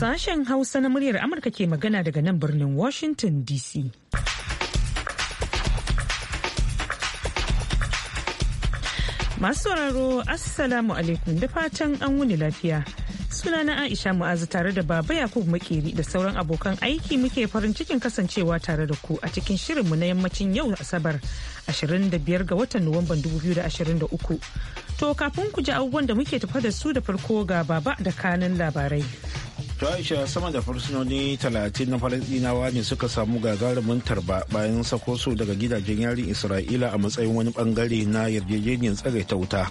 Sashen Hausa na muryar Amurka ke magana daga nan birnin Washington DC. Masu sauraro Assalamu alaikum da fatan an wuni lafiya. suna na Aisha Mu'azu tare da Baba Yakubu Makeri da sauran abokan aiki muke farin cikin kasancewa tare da ku a cikin shirinmu na yammacin yau Asabar 25 ga watan Nuwamban 2023. To kafin ku ji abubuwan da muke tafa da su da farko ga Baba da kanin labarai. to aisha sama da fursunoni 30 na falasdinawa ne suka samu gagarumin tarba bayan sako su daga gidajen yarin isra'ila a matsayin wani bangare na yarjejeniyar tsagaita wuta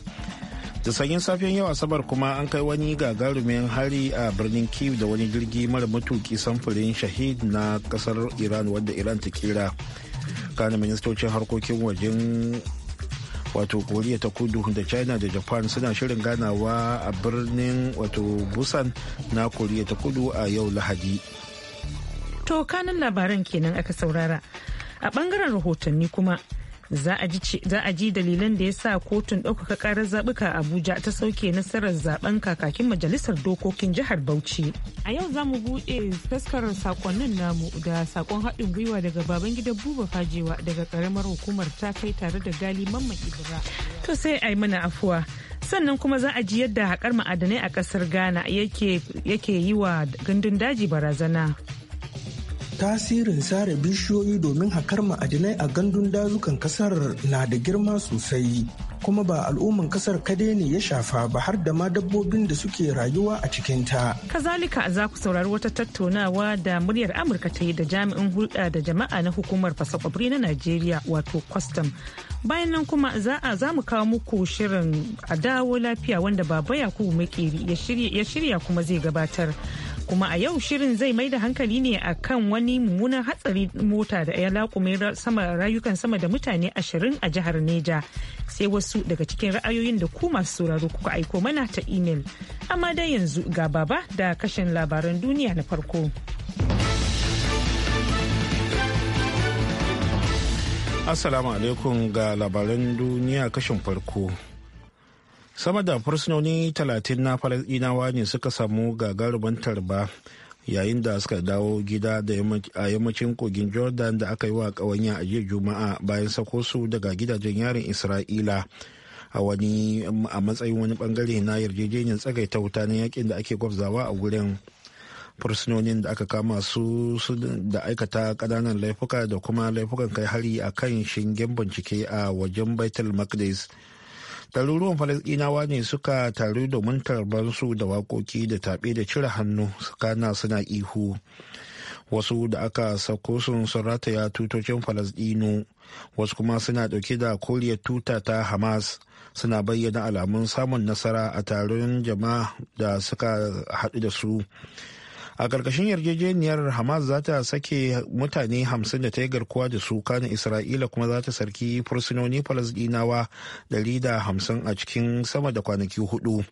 da sanyin safiyan yau asabar kuma an kai wani gagarumin hari a birnin kiv da wani jirgi mara matuki samfurin shahid na kasar iran wadda iran ta kira kana ministocin harkokin wajen wato koriya ta kudu da china da japan suna shirin ganawa a birnin wato busan na koriya ta kudu a yau lahadi to kanan labaran kenan aka saurara a bangaren rahotanni kuma za a ji dalilan da ya sa kotun ɗaukaka ƙarar zaɓuka abuja ta sauke nasarar zaben kakakin majalisar dokokin jihar bauchi a yau za mu buɗe taskar sakonnin namu da sakon haɗin gwiwa daga baban gidan buba fajewa daga ƙaramar hukumar ta kai tare da gali mamman ibra to sai a yi mana afuwa sannan kuma za a ji yadda haƙar ma'adanai a ƙasar ghana yake yi wa gandun daji barazana tasirin sare bishiyoyi domin hakar ma'adinai a gandun dazukan kasar na da girma sosai kuma ba al'umman kasar kadai ne ya shafa ba har da ma dabbobin da suke rayuwa a cikinta. Kazalika za ku saurari wata tattaunawa da muryar Amurka ta yi da jami'in hulɗa da jama'a na hukumar fasakwabri na Najeriya wato kwastam. Bayan nan kuma za a za mu kawo muku shirin a dawo lafiya wanda baba Yakubu Makeri ya shirya kuma zai gabatar. kuma a yau shirin zai mai da hankali ne a kan wani mummunan hatsari mota da ya laƙume sama rayukan sama da mutane ashirin a jihar Neja. Sai wasu daga cikin ra'ayoyin da ku masu sauraro kuka aiko mana ta imel. Amma dai yanzu ga baba da kashin labaran duniya na farko. Assalamu alaikum ga labaran duniya kashin farko. sama da fursunoni talatin na falasɗinawa ne suka samu gagarumin tarba yayin da suka dawo gida a yammacin kogin jordan da aka yi wa ƙawanya a jiya juma'a bayan sako su daga gidajen yarin isra'ila a wani a matsayin wani bangare na yarjejeniyar tsagaita wuta na yakin da ake gwabzawa a wurin fursunonin da aka kama su da aikata ƙananan laifuka da kuma laifukan kai hari a kan shingen bincike a wajen baitul maqdis ɗaruruwan falasɗinawa ne suka taru domin tarbansu da waƙoƙi da taɓe da cire hannu kana suna ihu wasu da aka sako sun sun rataya tutocin falasɗinu wasu kuma suna ɗauke da koriyar tuta ta hamas suna bayyana alamun samun nasara a taron jama'a da suka haɗu da su a ƙarƙashin yarjejeniyar hamas za ta sake mutane hamsin da ta yi garkuwa da su kanin isra'ila kuma za ta sarki fursunoni falasdinawa 150 a cikin sama da kwanaki hudu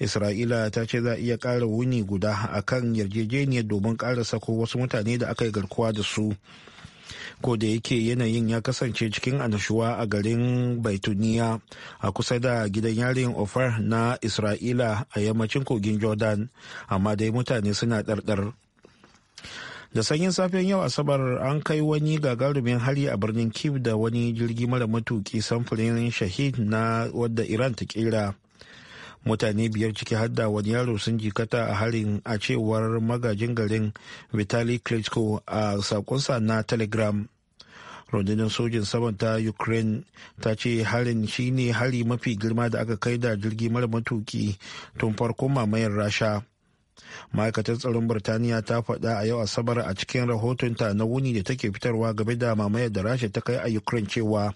isra'ila ta ce za iya ƙara wuni guda a kan yarjejeniyar domin ƙara sako wasu mutane da aka yi garkuwa da su ko da yake yanayin ya kasance cikin anashuwa a garin baituniya a kusa da gidan yarin ofar na isra'ila a yammacin kogin jordan amma dai mutane suna ɗarɗar da sanyin safen yau asabar an kai wani gagarumin hari a birnin kiv da wani jirgi mara matuki samfurin shahid na wadda iran ta kera mutane biyar ciki hadda wani yaro sun jikata a harin a cewar magajin garin vitali klitschko a sakonsa na telegram rundunar sojin saman ta ukraine ta ce harin shine hari mafi girma da aka kai da jirgi mara matuki tun farkon mamayar rasha ma'aikatar tsaron birtaniya ta faɗa a yau asabar a cikin rahotonta na wuni da take fitarwa game da mamayar da rasha ta kai a ukraine cewa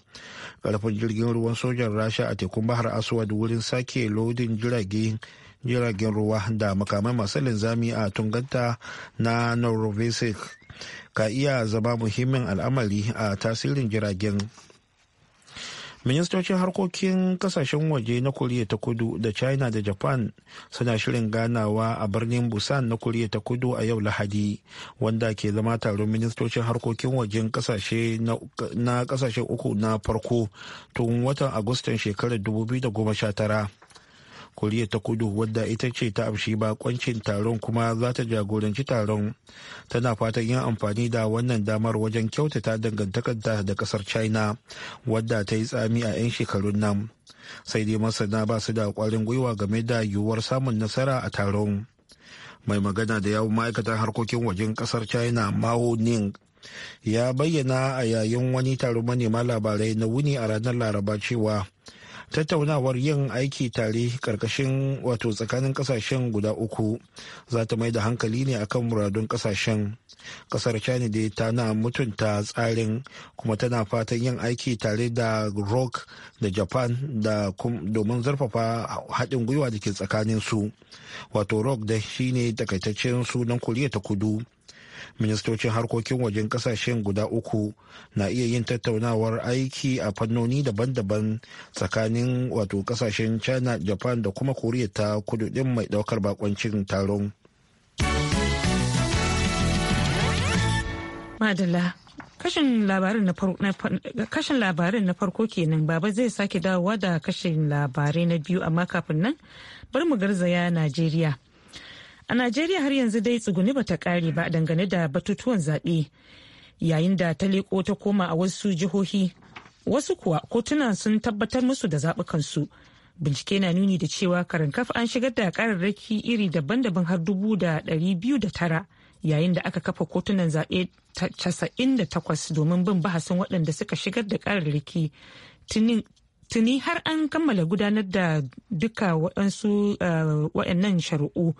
karfin jirgin ruwan sojan rasha a tekun bahar aswad wurin sake lodin jirage jiragen ruwa da makamai masu linzami a tunganta na norovisic ka iya zama muhimmin al'amari a tasirin jiragen ministocin harkokin kasashen waje na koriya ta kudu da china da japan suna shirin ganawa a birnin busan na koriya ta kudu a yau lahadi wanda ke zama taron ministocin harkokin waje kasashe na kasashen uku na farko tun watan agustan shekarar 2019 koriya ta kudu wadda ita ce ta amshi bakoncin taron kuma za ta jagoranci taron tana fatan yin amfani da wannan damar wajen kyautata dangantakarta da kasar china wadda ta yi tsami a 'yan shekarun nan sai dai masana ba su da kwarin gwiwa game da yiwuwar samun nasara a taron mai magana da yawon ma'aikatan harkokin wajen kasar china mao ning ya bayyana a yayin wani taron manema labarai na wuni a ranar laraba cewa tattaunawar yin aiki tare karkashin wato tsakanin kasashen guda uku za ta mai da hankali ne akan muradun kasashen kasar china dai tana mutunta tsarin kuma tana fatan yin aiki tare da rock da japan da domin zarfafa haɗin gwiwa da ke tsakanin su wato rock da shine takaitaccen sunan koriya ta kudu ministocin harkokin wajen kasashen guda uku na iya yin tattaunawar aiki a fannoni daban-daban tsakanin wato kasashen china japan da kuma koriya ta kudu din mai daukar bakoncin taron madalla kashin labarin na farko kenan baba zai sake dawowa da kashin labarai na biyu amma kafin nan bar mu garzaya najeriya A Najeriya har yanzu dai tsuguni bata kare ba dangane da batutuwan zaɓe yayin da ta leko ta koma a wasu jihohi. Wasu kuwa kotuna sun tabbatar musu da zaɓukansu. Bincike na nuni da cewa karankaf an shigar da kararraki iri daban-daban har dubu da ɗari biyu da tara yayin da aka kafa kotunan zaɓe casa'in da takwas domin bin bahasin waɗanda suka shigar da kararraki tuni har an kammala gudanar da duka waɗansu eh, waɗannan shari'u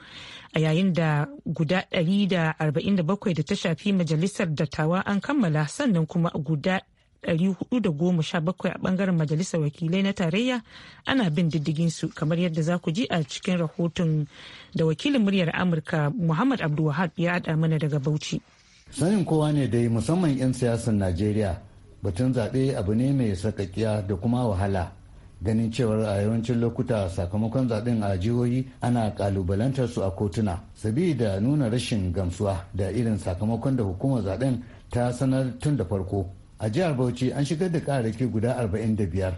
a yayin da guda 147 da ta shafi majalisar dattawa an kammala sannan kuma guda 417 a bangaren majalisar wakilai na tarayya ana bin diddigin su kamar yadda za ku ji a cikin rahoton da wakilin muryar amurka muhammad abdulwahab ya haɗa mana daga bauchi sanin kowa ne dai musamman 'yan siyasar najeriya batun zaɓe abu ne mai sakakkiya da kuma wahala ganin cewar a yawancin lokuta sakamakon zaɓen a jihohi ana ƙalubalantar su a kotuna sabida nuna rashin gamsuwa da irin sakamakon da hukumar zaɓen ta sanar tun da farko a jihar bauchi an shigar da ƙararraki guda biyar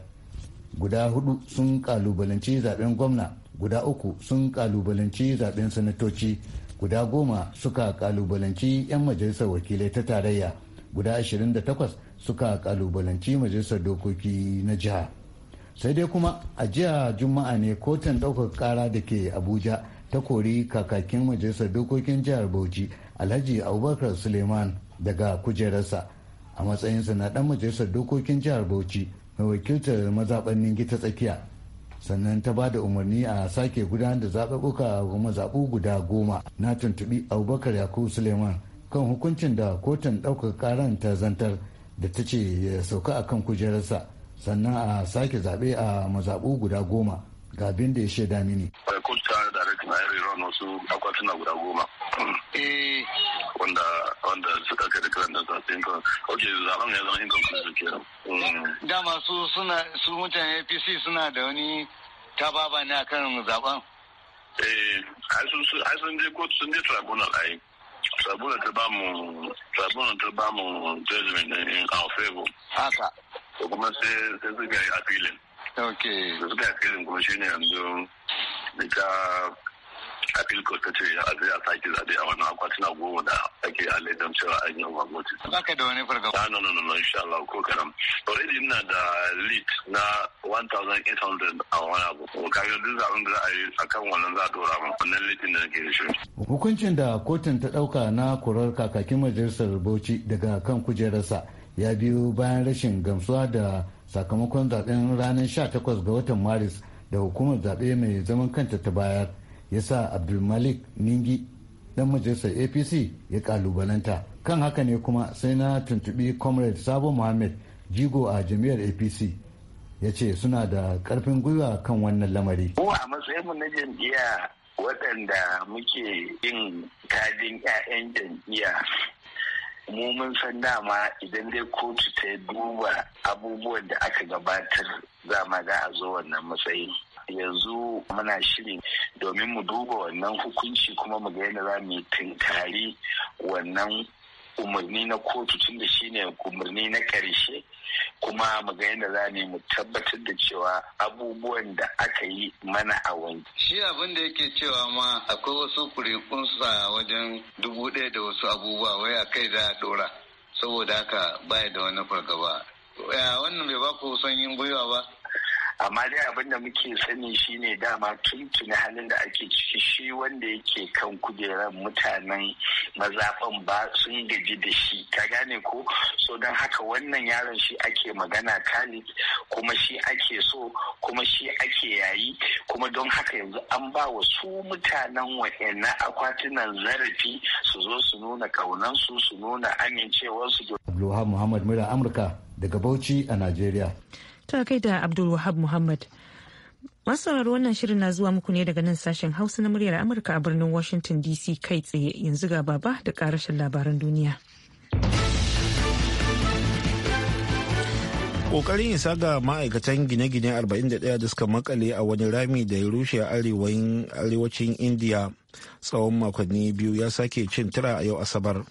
guda hudu sun ƙalubalanci zaɓen gwamna guda uku sun ƙalubalanci zaɓen sanatoci guda goma suka ƙalubalanci 'yan majalisar wakilai ta tarayya guda 28 suka kalubalanci majalisar dokoki na jiha sai dai kuma a jiya juma'a ne kotun ɗaukar kara da ke abuja ta kori kakakin majalisar dokokin jihar bauchi alhaji abubakar suleiman daga kujerarsa a matsayinsa na ɗan majalisar dokokin jihar bauchi mai wakiltar mazaɓar ningi ta tsakiya sannan ta ba da umarni a sake gudanar da zaɓuɓɓuka mazaɓu guda goma na tuntuɓi abubakar yakubu suleiman kan hukuncin da kotun ɗaukar karan ta zantar da ta ce ya sauka a kan kujerarsa sannan a sake zaɓe a mazaɓu guda goma ga abin da ya shaida mini. Kulta da Rick Nairi Ron wasu akwatuna guda goma. Eh. Wanda suka kai da kiran da zaɓe inkan. Ok, zaɓen ya zama inkan kuma suke yau. Dama su suna su mutane APC suna da wani tababa ne akan zaɓen. Eh, ai sun je kotu sun je tribunal ai. sabuna ta ba mu sabuna ta ba mu judgment in our favor haka to kuma sai sai suka yi appealing okay suka yi appealing kuma shine yanzu da ka appeal court ta ce a zai a sake zaɓe a wannan akwatin goma da ake laidan cewa an yi umar moti. Ba ka da wani fargaba? Ah, no, no, no, no, insha Allah ko karam. Already ina da lead na 1,800 a wani abu. Ko kaga duk zaɓen da za a yi a kan wannan za a dora mu wannan lead da nake da shi. Hukuncin da kotun ta ɗauka na kurar kakakin majalisar Bauchi daga kan kujerarsa ya biyo bayan rashin gamsuwa da sakamakon zaɓen ranar 18 ga watan Maris da hukumar zaɓe mai zaman kanta ta bayar ya sa abdulmalik ningi dan majalisar apc ya kalubalanta kan haka ne kuma sai na tuntubi comrade sabo muhammad jigo a jami'ar apc ya ce suna da karfin gwiwa kan wannan lamari mu matsayinmu na waɗanda muke yin kadin 'ya'yan jam'iyya mu mun san dama idan dai kotu ta duba abubuwan da aka gabatar ma za a zo wannan matsayin yanzu muna shiri domin mu duba wannan hukunci kuma mu ga yadda za mu tunkari wannan umarni na kotu tun da shi ne umarni na karshe kuma mu ga yadda za mu tabbatar da cewa abubuwan da aka yi mana a wani. Shi abin da yake cewa ma akwai wasu kurikunsa wajen dubu ɗaya da wasu abubuwa wai a kai za a ɗora saboda haka baya da wani fargaba. Wannan bai baku son yin gwiwa ba. amma dai abin da muke sani shine dama tuntuni halin da ake ciki shi wanda yake kan kujerar mutanen mazafan ba sun gaji da shi ka gane ko so don haka wannan yaron shi ake magana khalid kuma shi ake so kuma shi ake yayi kuma don haka yanzu an ba wa su mutanen wa'annan akwatunan zarafi su zo su nuna kaunansu su nuna amincewarsu. Abdulwahab Muhammad Mura Amurka daga Bauchi a Najeriya. ta kai da abdulwahab muhammad masauraro wannan shirin na zuwa muku ne daga nan sashen hausa na muryar amurka a birnin washington dc kai tsaye yanzu ga baba da karashin labaran duniya kokarin isa ga ma'aikatan gine-gine 41 da suka makale a wani rami da ya rushe a arewacin indiya tsawon makonni biyu ya sake cin tura a yau asabar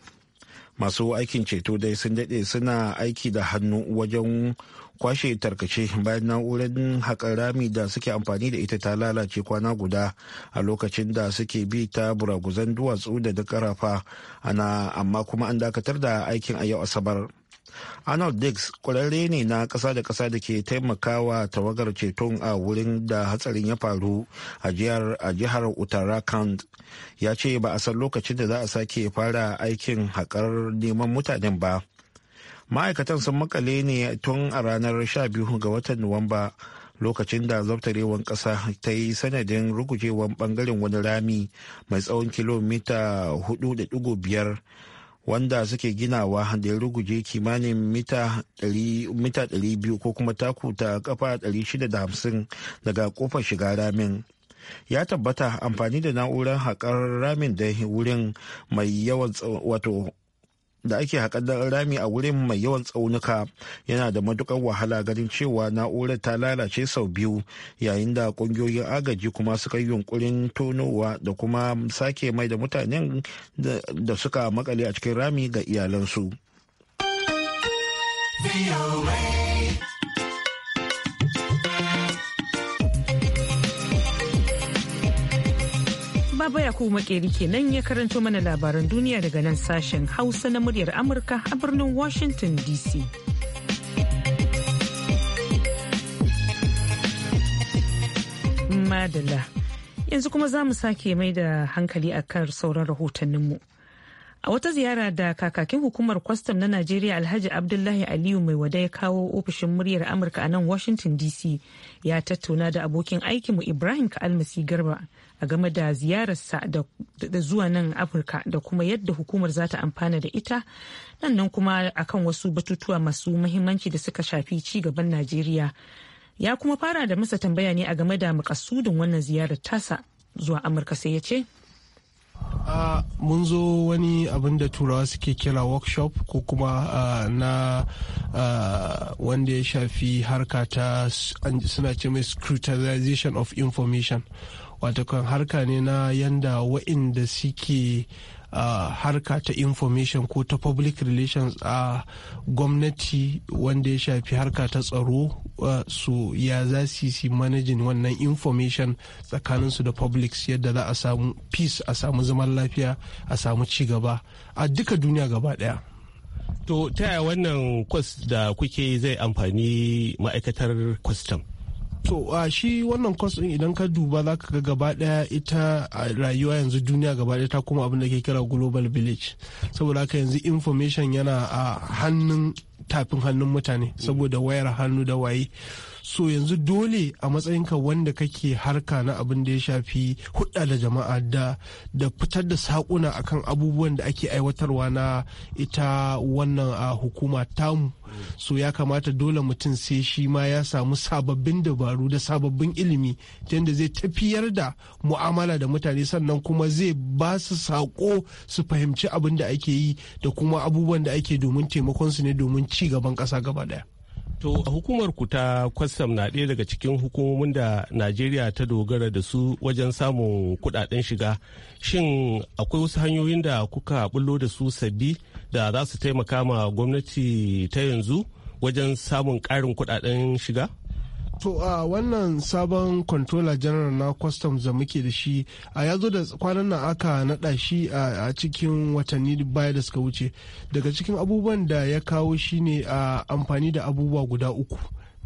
masu aikin ceto dai sun daɗe suna aiki da hannu wajen kwashe tarkace bayan na'urar haƙar rami da suke amfani da ita ta lalace kwana guda a lokacin da suke bi ta buraguzan duwatsu da duk ƙarafa ana amma kuma an dakatar da aikin a yau asabar arnold dix ƙwararre ne na ƙasa da ƙasa da ke taimakawa tawagar ceton a wurin da hatsarin ya faru a jihar uttarakhand ya ce ba a san lokacin da za a sake fara aikin haƙar neman mutanen ba ma'aikatan sun makale ne tun a ranar 12 ga watan nuwamba lokacin da zaftarewan ƙasa ta yi sanadin rugujewan bangaren wani rami mai tsawon kilomita 4.5 wanda suke ginawa da ya ruguje kimanin mita 200 ko kuma taku ta kafa 650 daga kofar shiga ramin ya tabbata amfani da na'urar haƙar ramin da wurin mai yawan wato da ake haƙar rami a wurin mai yawan tsaunuka yana da matukar wahala ganin cewa na'urar ta lalace sau biyu yayin da ƙungiyoyin agaji kuma suka yi yunkurin tonowa da kuma sake mai da mutanen da suka makale a cikin rami ga iyalansu. Baba Yakubu Makeri kenan ya karanto mana labaran duniya daga nan sashen Hausa na muryar Amurka a birnin Washington DC. Madalla. Yanzu kuma za mu sake mai da hankali a kan sauran rahotanninmu. A wata ziyara da kakakin hukumar kwastam na Najeriya Alhaji Abdullahi Aliyu mai wada ya kawo ofishin muryar Amurka a nan Washington DC ya tattauna da abokin aikinmu Ibrahim Ka'almasi Garba a game da ziyararsa da zuwa nan afirka da kuma yadda hukumar za ta amfana da ita nan nan kuma akan wasu batutuwa masu muhimmanci da suka shafi ci gaban najeriya ya kuma fara da masa tambaya ne a game da makasudin wannan ziyarar tasa zuwa amurka sai ya ce mun zo wani abin da turawa suke kira workshop ko kuma na wanda ya shafi harka ta suna ce mai scrutinization of information watakan harka ne na yanda wa'inda suke Uh, harka ta information ko ta public relations a gwamnati wanda ya shafi harka ta tsaro uh, su ya za su yi managing wannan information tsakaninsu da publics yadda za a samu peace a samu zaman lafiya a samu cigaba gaba a duka duniya gaba daya to ta yaya wannan kwas da kuke zai amfani ma'aikatar kwastam to a uh, shi wannan kwas din idan ka duba za ka ga gaba daya ita uh, rayuwa yanzu duniya gaba daya ta kuma abin da ke kira global village saboda haka yanzu information yana a hannun tafin hannun mutane saboda wayar hannu da waye so yanzu dole a matsayinka wanda kake harka na abin da ya shafi hudda da jama'a da da fitar da sakuna akan abubuwan da ake aiwatarwa na ita wannan a ah, hukuma tamu so ya kamata dole mutum sai shi ma ya samu sababbin dabaru da sababbin ilimi ta yadda zai tafiyar da mu'amala da mutane sannan kuma zai ba su saƙo su fahimci abin da ake yi da kuma abubuwan da ake domin taimakon su ne domin ci gaban ƙasa gaba daya. To hukumar ku ta kwastam na ɗaya daga cikin hukumomin da Najeriya ta dogara da su wajen samun kuɗaɗen shiga. Shin akwai wasu hanyoyin da kuka bullo da su sabbi da za su taimaka ma gwamnati ta yanzu wajen samun ƙarin kuɗaɗen shiga? To a wannan sabon controller general na customs da muke da shi a ya zo da kwanan nan aka naɗa shi a cikin watanni baya da suka wuce daga cikin abubuwan da ya kawo shine a amfani da abubuwa guda uku.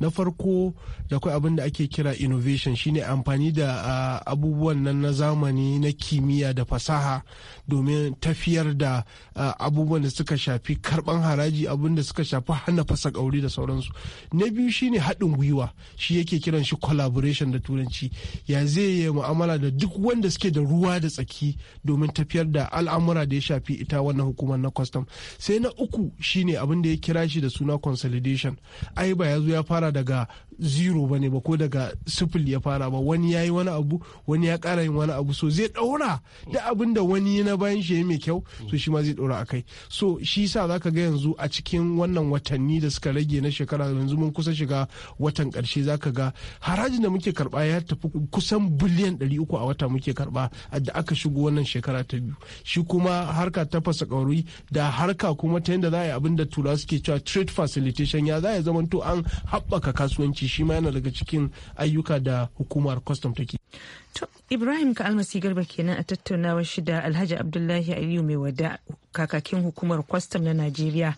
na farko da kawai abin da ake kira innovation shine amfani da abubuwan nan na zamani na kimiyya da fasaha domin tafiyar da abubuwan da suka shafi karban haraji abin da suka shafi hana fasa kauri da sauransu na biyu shine haɗin gwiwa shi yake kiran shi collaboration da turanci ya zai yi mu'amala da duk wanda suke da ruwa da tsaki domin tafiyar da al'amura da ya shafi ita wannan hukumar na custom sai na uku shine abin da ya kira shi da suna consolidation ai ba ya zo ya fara fara daga zero ba ne ba ko daga sifil ya fara ba wani ya yi wani abu wani ya kara yin wani abu so zai ɗaura da abin da wani na bayan shi mai kyau so shi ma zai ɗaura a kai so shi sa za ka ga yanzu a cikin wannan watanni da suka rage na shekara yanzu mun kusa shiga watan karshe za ka ga harajin da muke karba ya tafi kusan biliyan ɗari uku a wata muke karɓa da aka shigo wannan shekara ta biyu shi kuma harka ta fasa kauri da harka kuma ta yadda za a yi abin da tura suke cewa trade facilitation ya za ya to an haɓɓa haɓaka kasuwanci shi ma yana daga cikin ayyuka da hukumar kwastam take. To Ibrahim ka almasi garba kenan a tattaunawar da Alhaji Abdullahi Aliyu mai wada kakakin hukumar kwastam na Najeriya.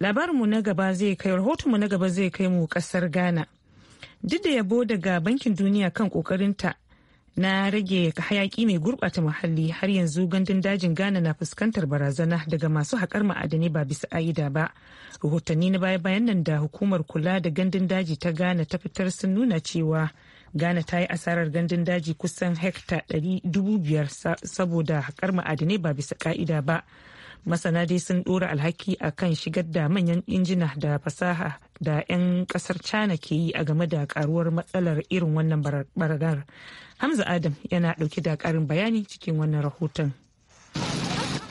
Labarinmu na gaba zai kai rahotonmu na gaba zai kai mu kasar Ghana. Duk da yabo daga bankin duniya kan kokarinta na rage hayaki mai gurɓata muhalli har yanzu gandun dajin ghana na fuskantar barazana daga masu haƙar ma'adanai ba bisa aida ba rahotanni na baya bayan nan da hukumar kula da gandun daji ta ghana ta fitar sun nuna cewa ghana ta yi asarar gandun daji kusan hekta 500 saboda haƙar ma'adanai ba bisa ƙa'ida ba masana dai sun dora alhaki a kan shigar da manyan injina da fasaha da 'yan kasar china ke yi a game da karuwar matsalar irin wannan baradar hamza adam yana dauke da karin bayani cikin wannan rahoton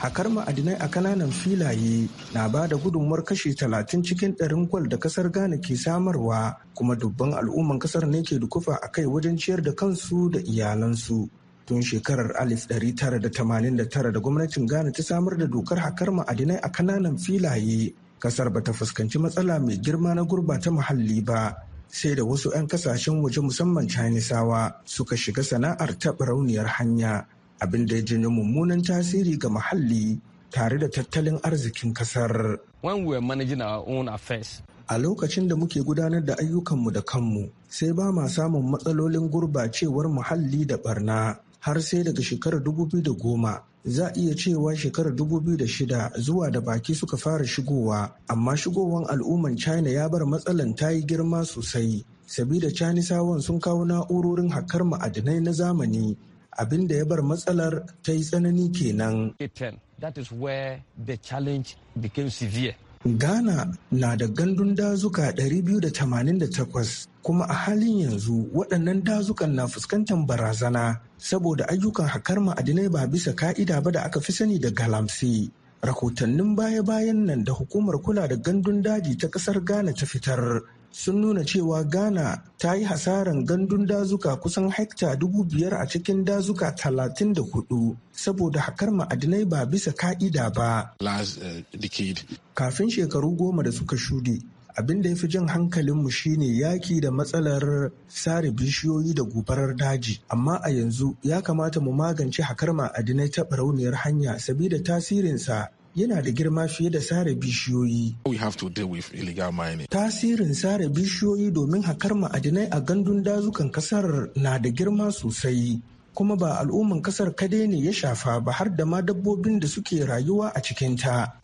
hakar ma'adinai a kananan filaye na ba da gudunmuwar kashe 30 cikin ɗarin kwal da kasar ghana ke samarwa kuma dubban al'umman kasar ne ke dukufa a kai wajen ciyar da kansu da iyalansu tun shekarar 1989 da gwamnatin Ghana ta samar da dokar hakar ma'adinai a kananan filaye. Kasar ta fuskanci matsala mai girma na gurbata muhalli ba. sai da wasu 'yan kasashen waje musamman Canisawa suka shiga sana'ar taɓa rauniyar hanya abin da ya janyo mummunan tasiri ga muhalli tare da tattalin arzikin kasar. When we managing our own affairs, a lokacin da muke gudanar da ayyukanmu da kanmu sai ba ma samun matsalolin gurbacewar muhalli da barna har sai daga shekarar 2010 za a iya cewa shekarar 2006 zuwa da baki suka fara shigowa amma shigowan al'umman china ya bar matsalan ta yi girma sosai sabida chanisawan sun kawo na'urorin hakar ma'adinai na zamani abin da ya bar matsalar ta yi tsanani kenan. Ghana na da gandun dazuka kuma a halin yanzu waɗannan dazukan na fuskantar barazana saboda ayyukan hakar ma'adinai ba bisa ka'ida ba da aka fi sani da galamsi rahotannin baya-bayan nan da hukumar kula da gandun daji ta ƙasar ghana ta fitar sun nuna cewa ghana ta yi hasaran gandun dazuka kusan hekta dubu biyar a cikin dazuka talatin da hudu saboda hakar ma'adinai ba bisa ka'ida ba eh, kafin shekaru goma da suka shuɗe abin da ya fi jan hankalinmu shine yaki da matsalar sare bishiyoyi da gobarar daji amma a yanzu ya kamata mu magance hakar ma'adinai ta barauniyar hanya sabida tasirinsa yana da girma fiye da sare bishiyoyi. Tasirin sare bishiyoyi domin hakar ma'adinai a gandun dazukan kasar na da girma sosai. kuma ba al'umman kasar kadai ne ya shafa ba har da ma dabbobin da suke rayuwa a cikin ta.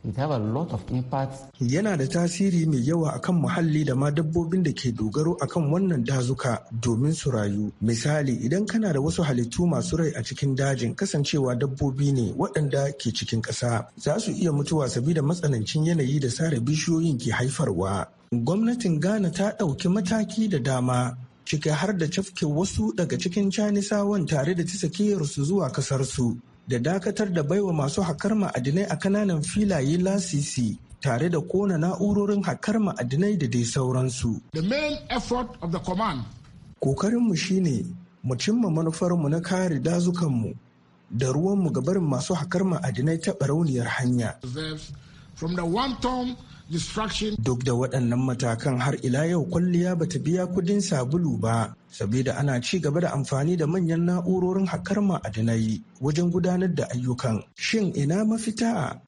Yana da tasiri mai yawa akan muhalli da ma dabbobin da ke dogaro akan wannan dazuka domin su rayu. Misali idan kana da wasu halittu masu rai a cikin dajin kasancewa dabbobi ne waɗanda ke cikin ƙasa za su iya mutuwa sabida matsanancin yanayi da sare bishiyoyin ke haifarwa. Gwamnatin Ghana ta ɗauki mataki da dama Cike har da cafke wasu daga cikin canisawan tare da su zuwa kasarsu da dakatar da baiwa masu hakar ma'adinai a kananan filaye lasisi tare da kona na'urorin hakar ma'adinai da dai sauransu. The main effort of the command. Kokarinmu shine mu cimma manufarmu na kare dazukanmu da ruwanmu ga barin masu hakar ma'adinai ta barauniyar hanya. From the Duk da waɗannan matakan har ila yau kwalliya ba ta biya kudin sabulu ba, saboda ana ci gaba da amfani da manyan na'urorin hakar ma'adinai wajen gudanar da ayyukan. Shin ina mafita?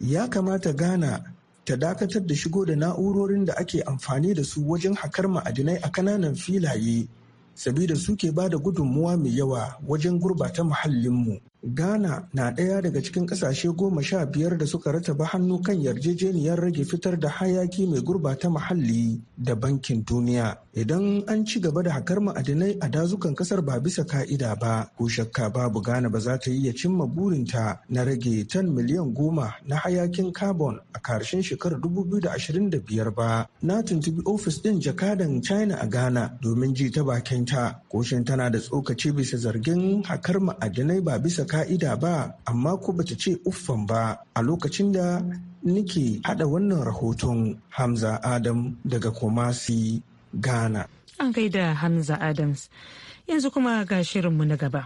Ya kamata gana ta dakatar da shigo da na'urorin da ake amfani da su wajen hakar ma'adinai a kananan filaye. sabida suke ba da gudunmuwa mai yawa wajen gurbata muhallinmu Ghana na ɗaya daga cikin ƙasashe goma sha biyar da suka rataba hannu kan yarjejeniyar rage fitar da hayaki mai gurbata muhalli da bankin duniya. Idan an ci gaba da hakar ma'adinai a dazukan ƙasar ba bisa ka'ida ba, ko shakka babu Ghana ba za ta yi ya cimma burinta na rage tan miliyan goma na hayakin carbon a karshen shekarar 2025 ba. Na tuntubi ofis ɗin jakadan China a Ghana domin ji ta bakinta. Koshin tana da tsokaci bisa zargin hakar ma'adinai ba bisa ka'ida ba amma ko bata ce uffan ba a lokacin da nike hada wannan rahoton Hamza Adam daga Kumasi, Ghana. An kai da Hamza Adams. Yanzu kuma ga shirinmu na gaba.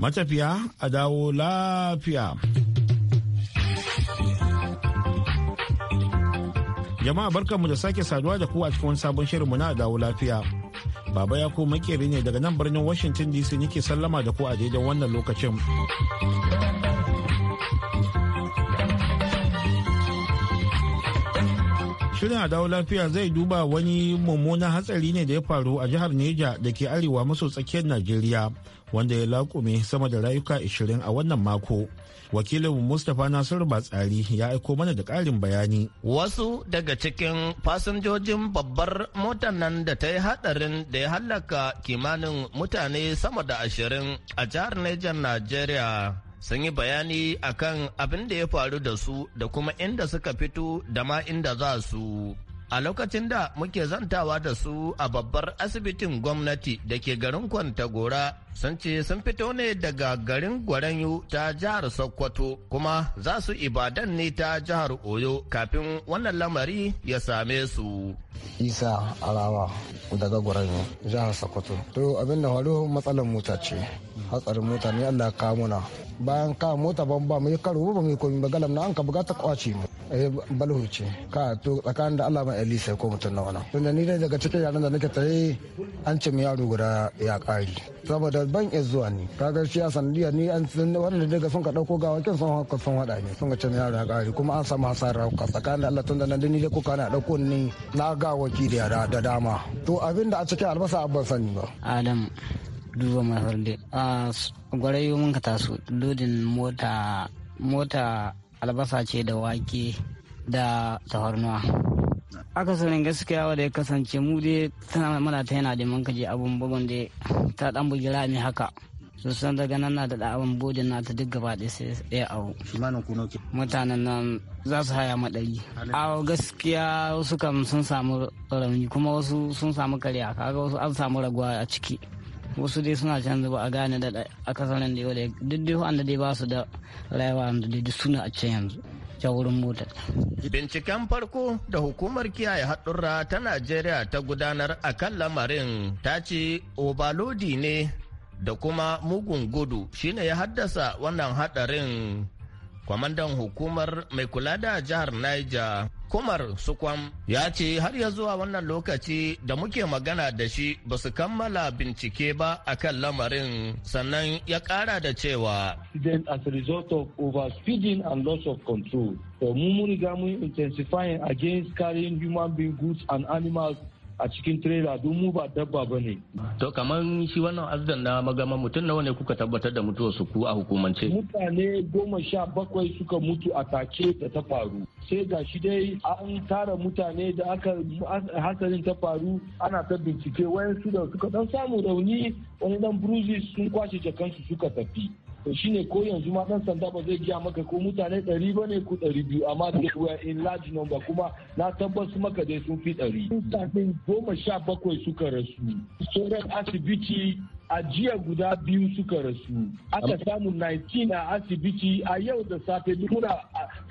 Matafiya a dawo lafiya. Jama'a barkanmu da sake saduwa da ku a cikin sabon shirinmu na dawo lafiya. Baba ya ko makeri ne daga nan birnin Washington DC nike sallama da ku a daidai wannan lokacin. Shirin a dawo lafiya zai duba wani mummunan hatsari ne da ya faru a jihar Neja da ke arewa maso tsakiyar Najeriya wanda ya lakume sama da rayuka 20 a wannan mako. Wakilin Mustapha Nasiru Batsari ya aiko mana da ƙarin bayani. Wasu daga cikin fasinjojin babbar motar nan da ta yi haɗarin da ya hallaka kimanin mutane sama da ashirin a jihar Neja, Najeriya. sun yi bayani akan abin da ya faru da su da kuma inda suka fito da ma inda za su. A lokacin da muke zantawa da su a babbar asibitin gwamnati da ke garin Kwantagora sun ce sun fito ne daga garin Gwaranyu ta jihar Sokoto kuma za su Ibadan ne ta jihar Oyo kafin wannan lamari ya same su. Isa Alawa daga Gwaranyu jihar Sokoto. To abin da faru matsalar mota ce. Hatsarin mota ne Allah ka Bayan ka mota ban ba mu yi karo ba mu yi komi ba galam na an ka buga ta kwace mu. Eh balhu ce. Ka to tsakanin da Allah mai Elisa ko mutum na wani. Tunda ni dai daga cikin yaran da nake tare an ce mu yaro guda ya kari. Saboda ban iya zuwa ni kaga shi a sanadiyar ni an wanda daga sun ka dauko ga kin sun haka sun hada ne sun ga ce yaro ga kare kuma an samu hasara ka tsakanin da Allah tun da nan dani da kuka na dauko ni na ga da yara da dama to abin da a cikin albasa abban sani ba adam duba mai harde a gwarayo mun ka taso lodin mota mota albasa ce da wake da tafarnuwa akasarin gaskiya wadda ya kasance mu dai tana mana ta yana da kaje abun bugun da ta dan bugi rami haka Sosai san daga nan na da abun bugun na ta duk gaba da sai ɗaya awo mutanen nan za su haya maɗari a gaskiya wasu kam sun samu rauni kuma wasu sun samu karya kaga wasu an samu raguwa a ciki wasu dai suna can zuba a gane da akasarin da yau da duk dai wanda dai ba su da rayuwa da duk suna a can yanzu ta wurin motar. Binciken farko da hukumar kiyaye haɗurra ta Najeriya ta gudanar a kan lamarin ta ce obalodi ne da kuma mugun gudu shine ya haddasa wannan haɗarin. Kwamandan hukumar mai kula da jihar Niger Kumar Sukwam ya ce har ya zuwa wannan lokaci da muke magana da shi ba su kammala bincike ba a kan lamarin sannan ya ƙara da cewa. Then as a result of overspeeding and loss of control, mun riga intensifying against carrying human being goods and animals a cikin trela don mu ba dabba ba ne. To kamar shi wannan azdan na magama mutum nawa ne kuka tabbatar da mutuwar su ku a hukumance? Mutane goma sha bakwai suka mutu a take da ta faru. Sai ga shi dai an tara mutane da aka hasarin ta faru ana ta bincike su da suka dan samu rauni wani dan bruises sun kwashe jakansu suka tafi. to shine ko yanzu ma dan sanda ba zai giya maka ko mutane ɗari ba ne ko ɗari biyu amma da were in large number kuma na tabbas maka dai sun fi ɗari. Mutane goma sha bakwai suka rasu. Sauran asibiti a jiya guda biyu suka rasu aka samu 19 a asibiti a yau da safe muna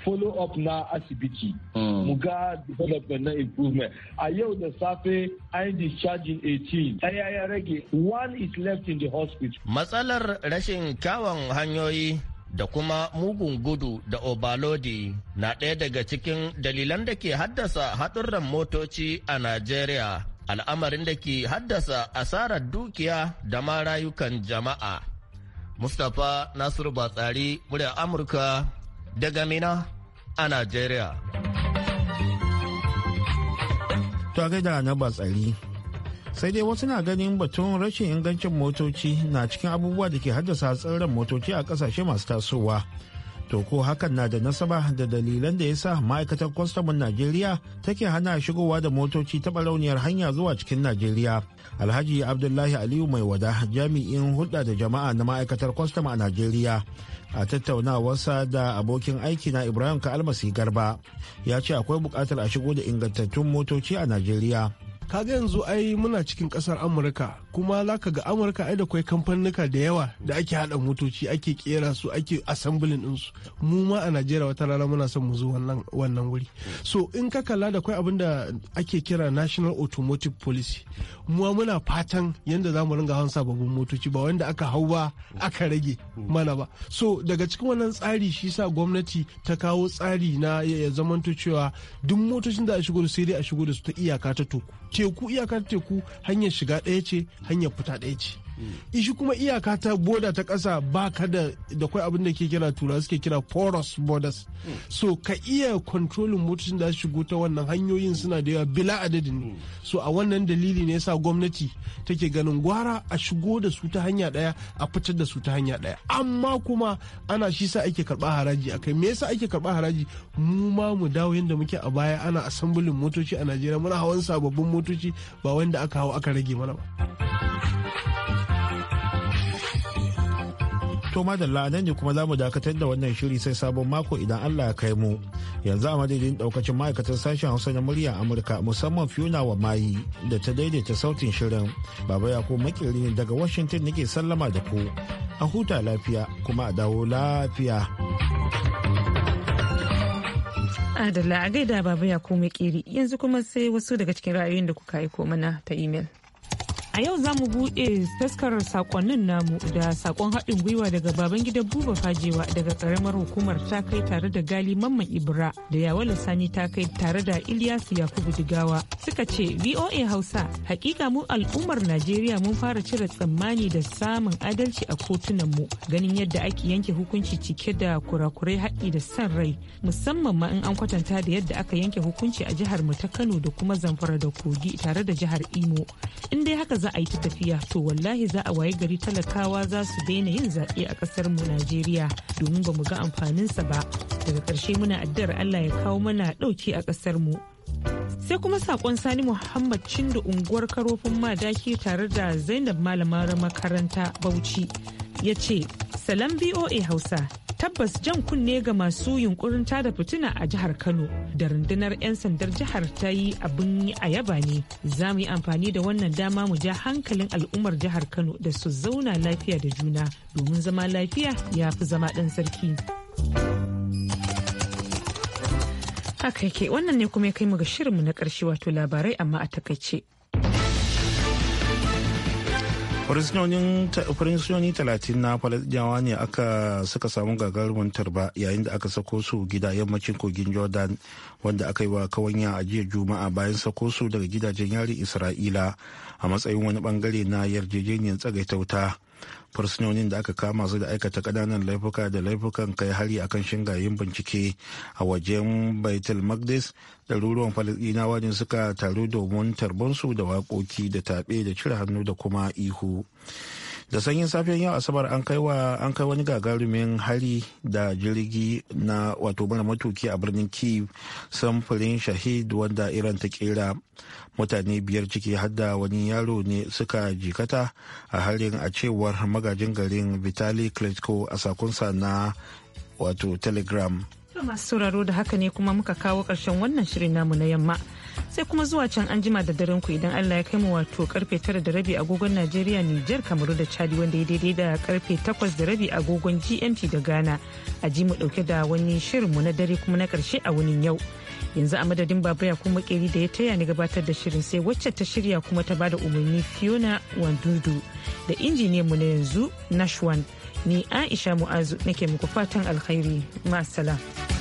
follow up na asibiti hmm. mu ga development na improvement a yau da safe an discharging 18 ɗaya ya rage one is left in the hospital matsalar rashin kyawun hanyoyi da kuma mugun gudu da obalodi na ɗaya daga cikin dalilan da ke haddasa haɗurran motoci a Najeriya, al'amarin da ke haddasa asarar dukiya da ma rayukan jama'a. Mustapha Nasiru Batsari, murya Amurka daga Mina a Najeriya. Ta gaida na batsari. Sai dai wasu na ganin batun rashin ingancin motoci na cikin abubuwa da ke haddasa hatsarin motoci a kasashe masu tasowa to ko hakan na da nasaba da dalilan da ya sa ma'aikatar kwastamin najeriya take hana shigowa da motoci taɓa barauniyar hanya zuwa cikin najeriya alhaji abdullahi aliyu mai wada jami'in hulɗa da jama'a na ma'aikatar kwastam a najeriya a tattaunawarsa da abokin aiki na ibrahim ka almasi garba ya ce akwai buƙatar a shigo da ingantattun motoci a najeriya kaga yanzu ai muna cikin kasar amurka kuma za ka ga amurka ai da kwai kamfanuka da yawa da ake hada motoci ake kera su ake assembling din su mu ma a najeriya wata rana muna son mu zo wannan wuri so in ka kalla da kwai abin da ake kira national automotive policy mu muna fatan yadda za mu ringa hawan sababbin motoci ba wanda aka hau ba aka rage mana ba so daga cikin wannan tsari shi sa gwamnati ta kawo tsari na ya zamanto cewa duk motocin da a shigo da sai dai a shigo da su ta iyaka ta toku. teku iyakar teku hanyar shiga ɗaya ce hanyar fita ɗaya ce Mm. ishi kuma iyaka ta boda ta kasa ba ka da da kwai abin da ke kira tura suke kira porous borders mm. so ka iya kontrolin motocin da shigo ta wannan hanyoyin suna da yawa bila adadin mm. so a wannan dalili ne yasa gwamnati take ganin gwara a shigo da su ta hanya daya a fitar da su ta hanya daya amma kuma ana shi sa ake karba haraji akai me yasa ake karba haraji mu ma mu dawo yanda muke a baya ana assembling motoci a Najeriya muna hawan sababbin motoci ba wanda aka hawa aka rage mana ba. To madalla nan ne kuma za mu dakatar da wannan shiri sai sabon mako idan Allah ya kai mu. Yanzu a madadin daukacin ma'aikatar sashen Hausa na murya Amurka musamman Fiona wa mayi da ta daidaita sautin shirin. Baba ya makiri ne daga Washington nake sallama da ku. A huta lafiya kuma a dawo lafiya. Adalla a gaida baba ya makeri yanzu kuma sai wasu daga cikin ra'ayoyin da kuka aiko mana ta imel. A yau za mu buɗe taskarar sakonnin namu da sakon haɗin gwiwa daga baban gida Buba Fajewa daga ƙaramar hukumar ta kai tare da Gali Mamman Ibra da Yawala Sani ta kai tare da Ilyasu Yakubu Digawa. Suka ce VOA Hausa hakika mu al'ummar Najeriya mun fara cire tsammani da samun adalci a kotunan mu ganin yadda ake yanke hukunci cike da kurakurai haɗi da san rai musamman ma in an kwatanta da yadda aka yanke hukunci a jihar mu ta Kano da kuma Zamfara da Kogi tare da jihar Imo. In dai haka za a yi ta tafiya to wallahi za a waye gari talakawa za su daina yin zaɓe a ƙasar mu Najeriya domin ba mu ga amfaninsa ba daga ƙarshe muna addu'ar Allah ya kawo mana ɗauki a ƙasar mu. sai kuma saƙon sani muhammad cindo unguwar karofin madaki tare da zainab malamar makaranta bauchi ya ce salam voa hausa tabbas jan kunne ga masu yunkurin tada fitina a jihar kano da rundunar 'yan sandar jihar ta yi abin a yaba ne za mu yi amfani da wannan dama mu ja hankalin al'ummar jihar kano da su zauna lafiya da juna domin zama lafiya ya fi zama ɗan sarki haka yake wannan ne kuma ya kai mu ga shirinmu na ƙarshe wato labarai amma a takaice fursunoni talatin na falasɗinawa ne aka suka samu gagarumin tarba yayin da aka sako su gida yammacin kogin jordan wanda aka yi wa kawanya a jiya juma'a bayan sako su daga gidajen yari isra'ila a matsayin wani bangare na yarjejeniyar tsagaitauta fursunonin da aka kama su da aikata kananan laifuka da laifukan kai hari akan shingayen bincike a wajen baitul magdis ɗaruruwan falasɗinawa ne suka taru domin tarbonsu da waƙoƙi da taɓe da cire hannu da kuma ihu da sanyin safiyan yau asabar an kai an kai wani gagarumin hari da jirgi na wato mara matuki a birnin kiev samfurin shahid wanda iran ta kera mutane biyar ciki hadda wani yaro ne suka jikata a harin a cewar magajin garin vitali klitko a sakunsa na wato telegram masu sauraro da haka ne kuma muka kawo ƙarshen wannan shirin namu na yamma sai kuma zuwa can an jima da daren ku idan Allah ya kai mu wato karfe tara da rabi agogon Najeriya Nijar Kamaru da Chadi wanda ya daidai da karfe takwas da rabi agogon GMT da Ghana a ji mu dauke da wani shirin mu na dare kuma na karshe a wani yau yanzu a madadin babaya kuma makeri da ya taya ni gabatar da shirin sai wacce ta shirya kuma ta bada umarni Fiona Wandudu da injiniyan mu na yanzu Nashwan ni Aisha Mu'azu nake muku fatan alkhairi ma'assalam.